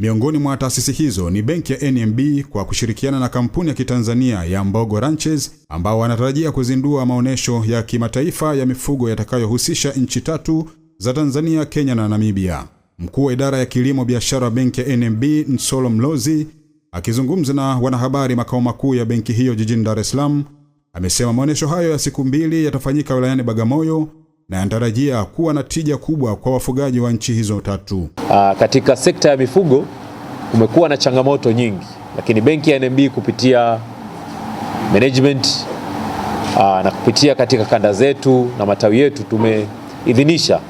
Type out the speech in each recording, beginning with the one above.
Miongoni mwa taasisi hizo ni benki ya NMB kwa kushirikiana na kampuni ya kitanzania ya Mbogo Ranches ambao wanatarajia kuzindua maonyesho ya kimataifa ya mifugo yatakayohusisha nchi tatu za Tanzania, Kenya na Namibia. Mkuu wa idara ya kilimo biashara benki ya NMB Nsolo Mlozi akizungumza na wanahabari makao makuu ya benki hiyo jijini Dar es Salaam amesema maonyesho hayo ya siku mbili yatafanyika wilayani Bagamoyo na anatarajia kuwa na tija kubwa kwa wafugaji wa nchi hizo tatu. Aa, ah, katika sekta ya mifugo kumekuwa na changamoto nyingi, lakini benki ya NMB kupitia management aa, ah, na kupitia katika kanda zetu na matawi yetu tumeidhinisha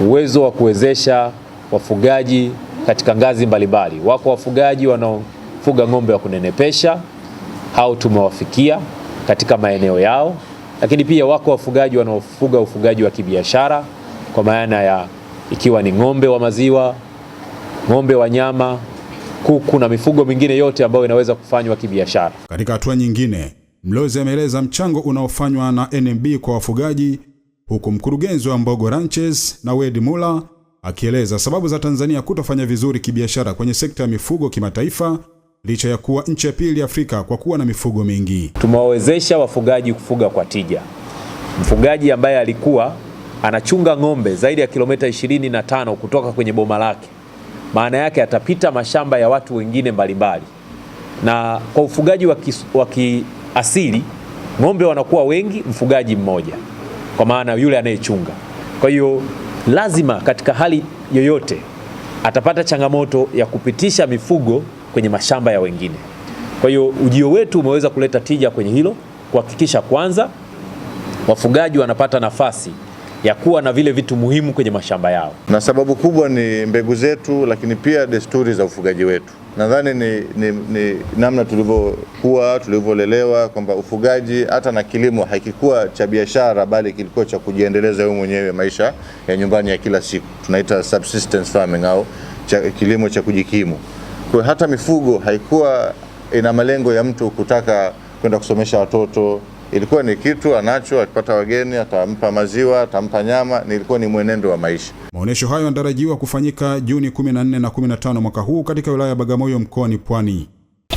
uwezo wa kuwezesha wafugaji katika ngazi mbalimbali. Wako wafugaji wanaofuga ng'ombe wa kunenepesha, hao tumewafikia katika maeneo yao lakini pia wako wafugaji wanaofuga ufugaji wa kibiashara kwa maana ya ikiwa ni ng'ombe wa maziwa, ng'ombe wa nyama, kuku na mifugo mingine yote ambayo inaweza kufanywa kibiashara. Katika hatua nyingine, Mlozi ameeleza mchango unaofanywa na NMB kwa wafugaji, huku mkurugenzi wa Mbogo Ranches na Wed Mula akieleza sababu za Tanzania kutofanya vizuri kibiashara kwenye sekta ya mifugo kimataifa licha ya kuwa nchi ya pili Afrika kwa kuwa na mifugo mingi. Tumewawezesha wafugaji kufuga kwa tija. Mfugaji ambaye alikuwa anachunga ng'ombe zaidi ya kilomita 25 kutoka kwenye boma lake, maana yake atapita mashamba ya watu wengine mbalimbali, na kwa ufugaji wa kiasili ng'ombe wanakuwa wengi, mfugaji mmoja, kwa maana yule anayechunga. Kwa hiyo lazima katika hali yoyote atapata changamoto ya kupitisha mifugo kwenye mashamba ya wengine. Kwa hiyo ujio wetu umeweza kuleta tija kwenye hilo, kuhakikisha kwanza wafugaji wanapata nafasi ya kuwa na vile vitu muhimu kwenye mashamba yao, na sababu kubwa ni mbegu zetu, lakini pia desturi za ufugaji wetu. Nadhani ni, ni, ni namna tulivyokuwa tulivyolelewa, kwamba ufugaji hata na kilimo hakikuwa cha biashara, bali kilikuwa cha kujiendeleza wewe mwenyewe, maisha ya nyumbani ya kila siku, tunaita subsistence farming au cha, kilimo cha kujikimu. Kwa hata mifugo haikuwa ina malengo ya mtu kutaka kwenda kusomesha watoto, ilikuwa ni kitu anacho, akipata wageni atampa maziwa, atampa nyama, nilikuwa ni mwenendo wa maisha. Maonyesho hayo yanatarajiwa kufanyika Juni 14 na 15 mwaka huu katika wilaya ya Bagamoyo mkoani Pwani.